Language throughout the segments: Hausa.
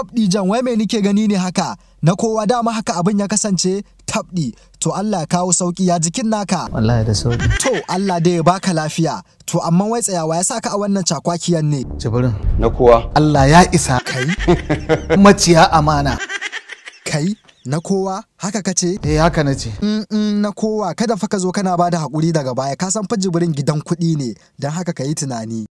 tabdi jan wai me nike gani ne haka na kowa dama haka abin ya kasance tabdi to Allah ya kawo sauki ya jikin naka wallahi da sauki to Allah dai ya baka lafiya to amma wai tsayawa ya saka a wannan cakwakiyan ne jibrin na kowa Allah ya isa kai maciya amana kai na kowa haka kace eh haka nace mm, na kowa kada fa ka zo kana bada hakuri daga baya ka san fa jibrin gidan kuɗi ne dan haka ka tunani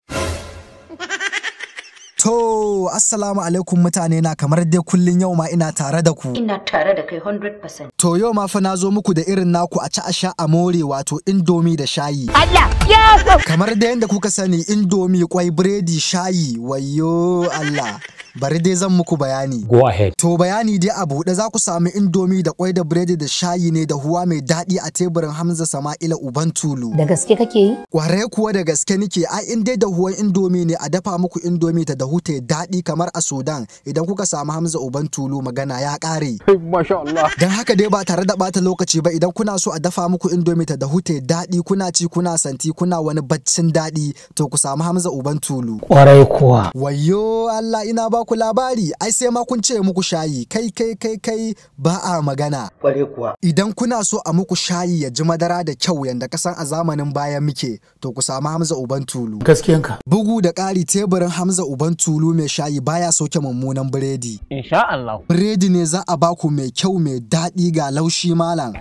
To, assalamu alaikum mutane na kamar dai kullun yau ma ina tare da ku. Ina tare da kai 100%. To yau ma fa na zo muku da irin naku a ci a sha a more wato indomi da shayi. Allah ya Kamar dai yadda kuka sani indomi kwai biredi shayi wayo Allah. bari dai zan muku bayani. Go ahead. To bayani dai a buɗe za ku samu indomi da kwai da biredi da shayi ne da huwa mai daɗi a teburin Hamza Sama'ila Uban Tulu. Da gaske kake yi? Kware kuwa da gaske nike ai in dai da huwan indomi ne a dafa muku indomi ta dahu ta daɗi kamar a Sudan idan kuka samu Hamza Uban Tulu magana ya ƙare. Masha Allah. Don haka dai ba tare da bata lokaci ba idan kuna so a dafa muku indomi ta dahu ta daɗi kuna ci kuna santi kuna wani baccin daɗi to ku samu Hamza Uban Tulu. Kwarai kuwa. Wayo Allah ina ba ku labari ai sai ma kun ce muku shayi kai kai kai kai ba a magana. Kware kuwa. Idan kuna so a muku shayi ya ji madara da kyau yanda kasan a zamanin baya muke to ku samu Hamza Uban Tulu. Gaskiyanka. Bugu da ƙari teburin Hamza Uban Tulu mai shayi baya soke mummunan biredi. Insha Allah. Biredi ne za a baku mai kyau mai daɗi ga laushi malam.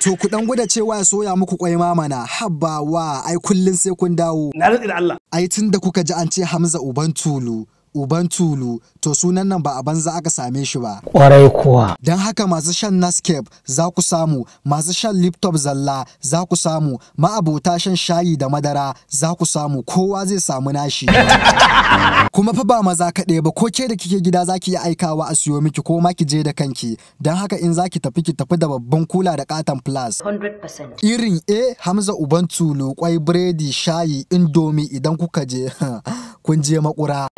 To ku dan gwada cewa ya soya muku kwai mamana habba wa ai kullun sai kun dawo. Na da Allah. Ai tun da kuka ji an ce Hamza Uban Tulu. uban tulu to sunan nan ba a banza aka same shi ba kwarai kuwa don haka masu shan nascape za ku samu masu shan liptop zalla za ku samu ma'abota shan shayi da madara za ku samu kowa zai samu nashi kuma fa ba maza kaɗai ba ko ke da kike gida za ki yi aikawa a siyo miki ko ma ki je da kanki don haka in za ki tafi ki tafi da babban kula da katon plus irin a hamza uban tulu kwai biredi shayi indomi idan kuka je kun je makura.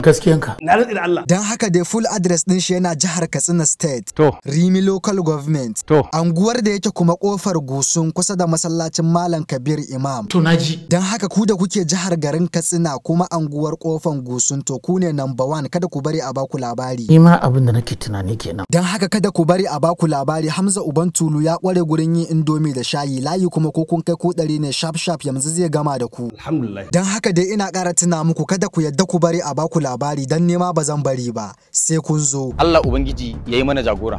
ka. Na da Allah. Dan haka dai full address din shi yana jihar Katsina State. To. Rimi Local Government. To. Anguwar da yake kuma kofar Gusun kusa da masallacin Malam Kabir Imam. To naji. Dan haka ku da kuke jihar garin Katsina kuma anguwar kofan Gusun to ku ne number one kada ku bari a baku labari. Ni ma abin da nake tunani kenan. Dan haka kada ku bari a baku labari Hamza Uban Tulu ya kware gurin yin indomi da shayi layi kuma ko kun kai ko ɗari ne sharp sharp yanzu zai gama da ku. Alhamdulillah. Dan haka dai ina ƙara tuna muku kada ku yadda kada ku bari a baku labari dan nema ba zan bari ba sai kun zo Allah ubangiji yayi mana jagora